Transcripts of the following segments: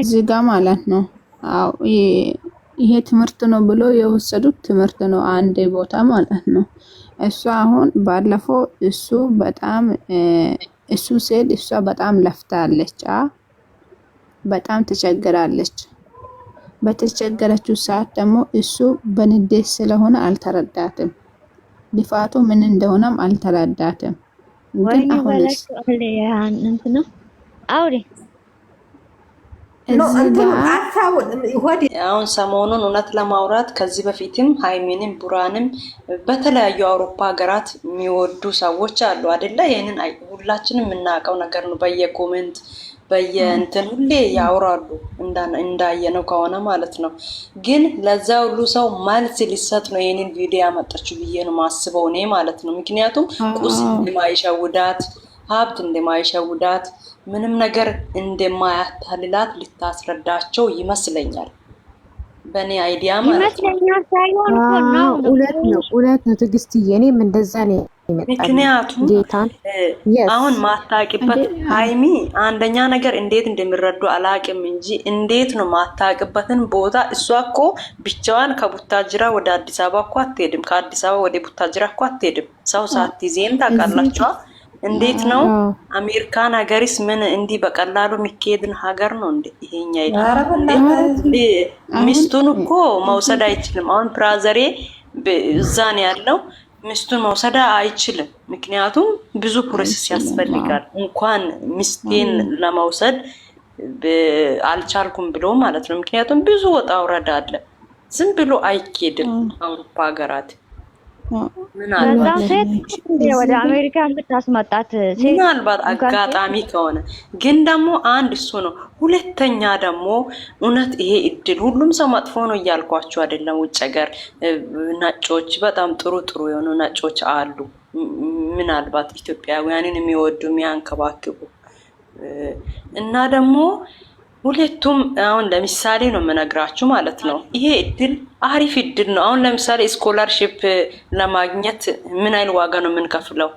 እዚህ ጋ ማለት ነው። አዎ ይሄ ትምህርት ነው ብሎ የወሰዱት ትምህርት ነው፣ አንድ ቦታ ማለት ነው። እሷ አሁን ባለፈው እሱ በጣም እሱ ስል እሷ በጣም ለፍታለች፣ በጣም ትቸግራለች። በተቸገረችው ሰዓት ደግሞ እሱ በንዴት ስለሆነ አልተረዳትም፣ ልፋቱ ምን እንደሆነም አልተረዳትም። ግን አውሬ አሁን ሰሞኑን እውነት ለማውራት ከዚህ በፊትም ሀይሜንም ቡራንም በተለያዩ አውሮፓ ሀገራት የሚወዱ ሰዎች አሉ አደለ? ይህንን ሁላችንም የምናውቀው ነገር ነው። በየኮሜንት በየእንትን ሁሌ ያወራሉ እንዳየነው ከሆነ ማለት ነው። ግን ለዛ ሁሉ ሰው መልስ ሊሰጥ ነው ይህንን ቪዲዮ ያመጣችው ብዬ ነው ማስበው እኔ ማለት ነው። ምክንያቱም ቁስ እንደማይሸውዳት ሀብት እንደማይሸውዳት ምንም ነገር እንደማያታልላት ልታስረዳቸው ይመስለኛል። በእኔ አይዲያ ማለት ሳይሆን ነው። እውነት ነው፣ እውነት ነው ትዕግስትዬ እኔም እንደዛ ነው። ምክንያቱም አሁን ማታቅበት ሀይሚ አንደኛ ነገር እንዴት እንደሚረዱ አላቅም እንጂ እንዴት ነው ማታቅበትን ቦታ እሷ እኮ ብቻዋን ከቡታጅራ ወደ አዲስ አበባ እኮ አትሄድም። ከአዲስ አበባ ወደ ቡታጅራ እኮ አትሄድም። ሰው ሳትይዜን ታውቃላችኋል። እንዴት ነው አሜሪካን ሀገሪስ ምን እንዲህ በቀላሉ የሚካሄድን ሀገር ነው እንዴ? ይሄኛ ሚስቱን እኮ መውሰድ አይችልም። አሁን ፕራዘሬ እዛን ያለው። ሚስቱን መውሰድ አይችልም፣ ምክንያቱም ብዙ ፕሮሰስ ያስፈልጋል። እንኳን ሚስቴን ለመውሰድ አልቻልኩም ብሎ ማለት ነው። ምክንያቱም ብዙ ወጣ ውረዳ አለ። ዝም ብሎ አይኬድም አውሮፓ ሀገራት ወደ አሜሪካ ብታስመጣት ምናልባት አጋጣሚ ከሆነ ግን ደግሞ አንድ እሱ ነው። ሁለተኛ ደግሞ እውነት ይሄ እድል ሁሉም ሰው መጥፎ ነው እያልኳቸው አይደለም። ውጭ ሀገር ነጮች በጣም ጥሩ ጥሩ የሆኑ ነጮች አሉ። ምናልባት ኢትዮጵያውያንን የሚወዱ የሚያንከባክቡ እና ደግሞ ሁለቱም አሁን ለምሳሌ ነው የምነግራችሁ ማለት ነው። ይሄ እድል አሪፍ እድል ነው። አሁን ለምሳሌ ስኮላርሽፕ ለማግኘት ምን አይነት ዋጋ ነው የምንከፍለው?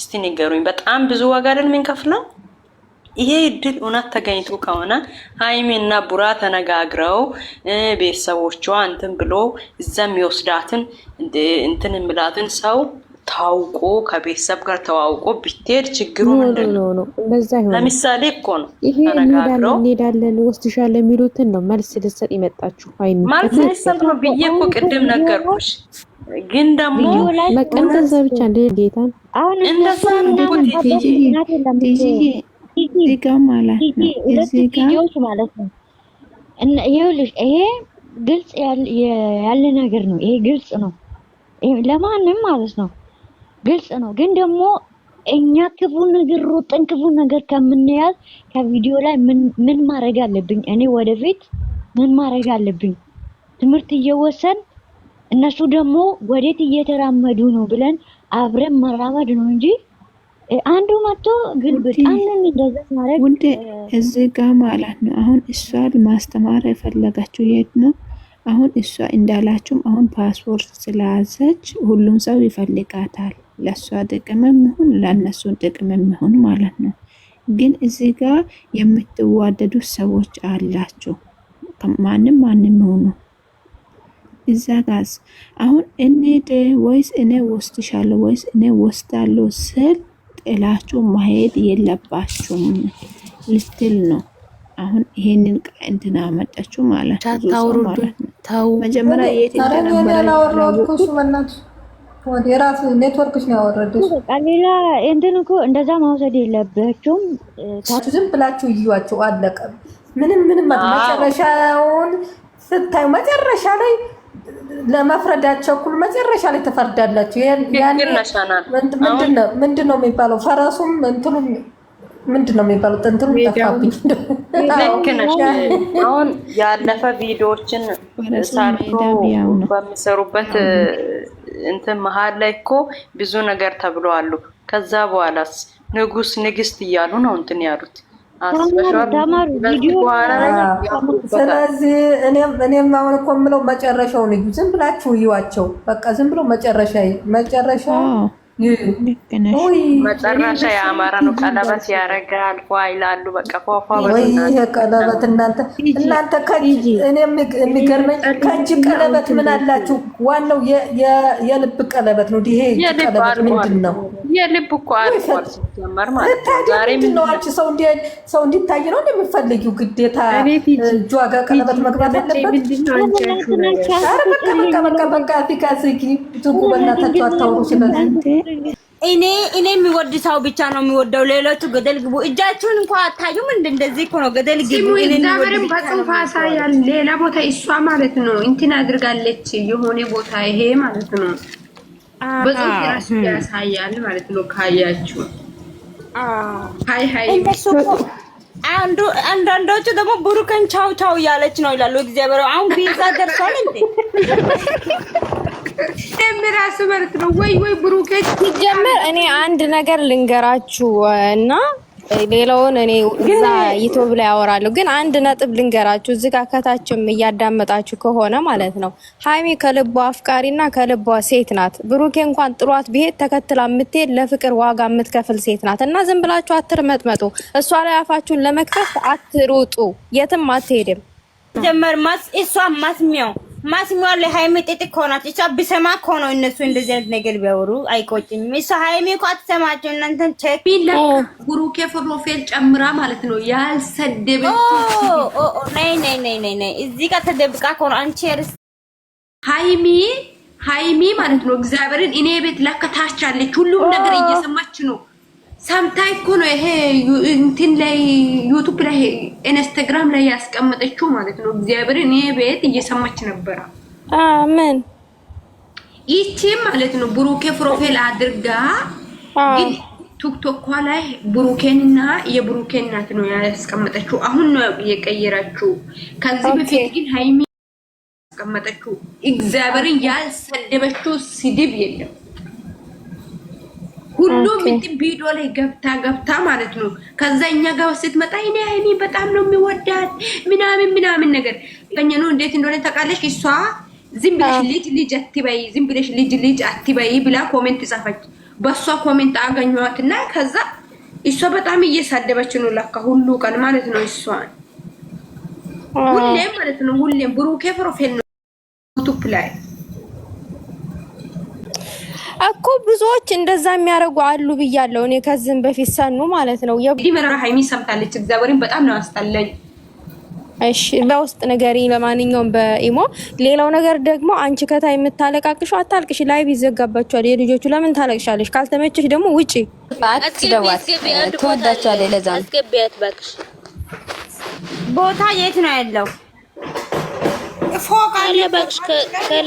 እስቲ ንገሩኝ። በጣም ብዙ ዋጋ አይደል የምንከፍለው? ይሄ እድል እውነት ተገኝቶ ከሆነ ሀይሚና ቡራ ተነጋግረው ቤተሰቦቿ እንትን ብሎ እዛ የሚወስዳትን እንትን ምላትን ሰው ታውቆ ከቤተሰብ ጋር ተዋውቆ ቢትሄድ ችግሩ ምንድን ነው? ለምሳሌ እኮ ነው ተነጋግረው እንሄዳለን ወስድሻለሁ የሚሉትን ነው መልስ ልሰጥ ይመጣችሁ ማለት ልሰጥ ነው ብዬ እኮ ቅድም ነገርኩሽ። ግን ደግሞ መቀንዘዛ ብቻ እንደ ጌታ ማለት ነው። ይኸውልሽ ይሄ ግልጽ ያለ ነገር ነው። ይሄ ግልጽ ነው ለማንም ማለት ነው። ግልጽ ነው። ግን ደግሞ እኛ ክፉ ነገር ሮጠን ክፉ ነገር ከምንያዝ ከቪዲዮ ላይ ምን ማድረግ አለብኝ እኔ ወደፊት ምን ማድረግ አለብኝ ትምህርት እየወሰን እነሱ ደግሞ ወዴት እየተራመዱ ነው ብለን አብረን መራመድ ነው እንጂ አንዱ መጥቶ ግልብጥ አንዱን እንደዛ ማድረግ ውድ እዚህ ጋር ማለት ነው። አሁን እሷ ማስተማር የፈለጋችሁ የት ነው አሁን እሷ እንዳላችሁም አሁን ፓስፖርት ስለያዘች ሁሉም ሰው ይፈልጋታል። ለእሷ ጥቅምም ይሁን ለእነሱ ጥቅምም ይሁን ማለት ነው። ግን እዚህ ጋር የምትዋደዱ ሰዎች አላችሁ። ማንም ማንም ሆኑ እዛ ጋዝ አሁን እንሂድ ወይስ እኔ ወስድሻለሁ ወይስ እኔ ወስዳለሁ ስል ጥላችሁ ማሄድ የለባችሁም ልትል ነው። አሁን ይሄንን እንትና መጣችሁ ማለት ነው። መጀመሪያ የት እንደነበረ ወደ ራሱ ኔትወርክሽ ነው ያወረደሽ። ሌላ እንትን እኮ እንደዛ መውሰድ የለብህችም። ዝም ብላችሁ እዩዋቸው፣ አለቀ። ምንም ምንም መጨረሻውን ስታዩ መጨረሻ ላይ ለመፍረዳቸው እኩል መጨረሻ ላይ ተፈርዳላችሁ። ምንድን ነው የሚባለው? ፈረሱም እንትኑም ምንድን ነው የሚባለው? ጠፋብኝ። አሁን ያለፈ ቪዲዮዎችን በሚሰሩበት እንትን መሀል ላይ እኮ ብዙ ነገር ተብሎ አሉ። ከዛ በኋላስ ንጉስ ንግስት እያሉ ነው እንትን ያሉት። ስለዚህ እኔም አሁን እኮ የምለው መጨረሻው ልዩ ዝም ብላችሁ እዩዋቸው። በቃ ዝም ብሎ መጨረሻ መጨረሻ መጨረሻ የአማራ ነው። ቀለበት ያደርጋል ይላሉ። በቃ ፏፏ ቀለበት እናንተ እናንተ እኔ የሚገርመኝ ከእጅ ቀለበት ምን አላችሁ? ዋናው የልብ ቀለበት ነው። ይሄ ቀለበት ምንድን ነው? የልብ እኮ አልፏል። ሲጀመር ነው። አንቺ ሰው እንዲታይ ነው እንደምፈልጊው ግዴታ እጇ ጋር ቀለበት መግባት አለበት። በቃ አታውሩ። ስለዚህ እኔ እኔ የሚወድ ሰው ብቻ ነው የሚወደው። ሌሎቹ ገደል ግቡ። እጃችሁን እንኳ አታዩም። እንደ እንደዚህ እኮ ነው ገደል ግቡ። እግዚአብሔርን በጽሁፍ ያሳያል። ሌላ ቦታ እሷ ማለት ነው እንትን አድርጋለች የሆነ ቦታ ይሄ ማለት ነው በጽሁፍ ያሳያል ማለት ነው። ካያችሁ ሀይ ሀይ አንዳንዶቹ ደግሞ ብሩክን ቻው ቻው እያለች ነው ይላሉ። እግዚአብሔር አሁን ቤዛ ደርሷል እንዴ ማለት ነው ወይ ወይ ብሩክ ሲጀመር እኔ አንድ ነገር ልንገራችሁ እና ሌላውን እኔ እዛ ዩቱብ ላይ ያወራለሁ። ግን አንድ ነጥብ ልንገራችሁ፣ እዚህ ጋር ከታችም እያዳመጣችሁ ከሆነ ማለት ነው ሀይሜ ከልቧ አፍቃሪና ከልቧ ሴት ናት። ብሩኬ እንኳን ጥሏት ብሄድ ተከትላ የምትሄድ ለፍቅር ዋጋ የምትከፍል ሴት ናት እና ዝም ብላችሁ አትርመጥመጡ። እሷ ላይ አፋችሁን ለመክፈት አትሩጡ። የትም አትሄድም። ጀመር ማስ እሷ ማስሚያው ማስሚዋ ላይ ሃይሜ ጥጥ ከሆናት እሷ ብሰማ ከሆነ እነሱ እንደዚህ አይነት ነገር ቢያወሩ አይቆጭኝም። እሷ ሃይሜ እኮ አትሰማቸው። እናንተን ቼክ ቢላ ብሩኬ ፕሮፋይል ጨምራ ማለት ነው ያልሰደበ ነይ ነይ ነይ ነይ ነይ እዚ ጋር ተደብቃ ከሆነ አንቺ ርስ ሃይሚ ሃይሚ ማለት ነው እግዚአብሔርን እኔ ቤት ለከታች አለች። ሁሉም ነገር እየሰማች ነው ሰምታይ እኮ ነው ይሄ እንትን ላይ ዩቱብ ላይ ኢንስታግራም ላይ ያስቀመጠችው ማለት ነው። እግዚአብሔር እኔ ቤት እየሰማች ነበረ። አሜን። ይቺ ማለት ነው ብሩኬ ፕሮፋይል አድርጋ ግን ቲክቶክ ላይ ብሩኬንና የብሩኬን እናት ነው ያስቀመጠችው። አሁን ነው የቀየረችው። ከዚህ በፊት ግን ሃይሚ ያስቀመጠችው እግዚአብሔርን ያልሰደበችው ስድብ የለም። ሁሉም እንትን ቪዲዮ ላይ ገብታ ገብታ ማለት ነው። ከዛ እኛ ጋር ስትመጣ እኔ ሀይሚ በጣም ነው የሚወዳት ምናምን ምናምን ነገር ከኛ ነው እንዴት እንደሆነ ታውቃለች እሷ ዝም ብለሽ ልጅ ልጅ አትበይ፣ ዝም ብለሽ ልጅ ልጅ አትበይ ብላ ኮሜንት ጻፈች። በእሷ ኮሜንት አገኘኋትና ከዛ እሷ በጣም እየሳደበች ነው ለካ ሁሉ ቀን ማለት ነው። እሷን ሁሌም ማለት ነው ሁሌም ብሩኬ ፕሮፌል ነው ዩቱብ ላይ እኮ ብዙዎች እንደዛ የሚያደርጉ አሉ ብያለሁ። እኔ ከዚህም በፊት ሰኑ ማለት ነው እንግዲህ ሀይሚ ሰምታለች። እግዚአብሔርን በጣም ነው ያስጠላኝ። እሺ በውስጥ ነገሪ ለማንኛውም በኢሞ ሌላው ነገር ደግሞ አንቺ ከታ የምታለቃቅሹ አታልቅሽ፣ ላይቭ ይዘጋባቸዋል የልጆቹ። ለምን ታለቅሻለሽ? ካልተመቸሽ ደግሞ ውጪ። አትደዋት ለዛ ቦታ የት ነው ያለው? ፎቅ አለ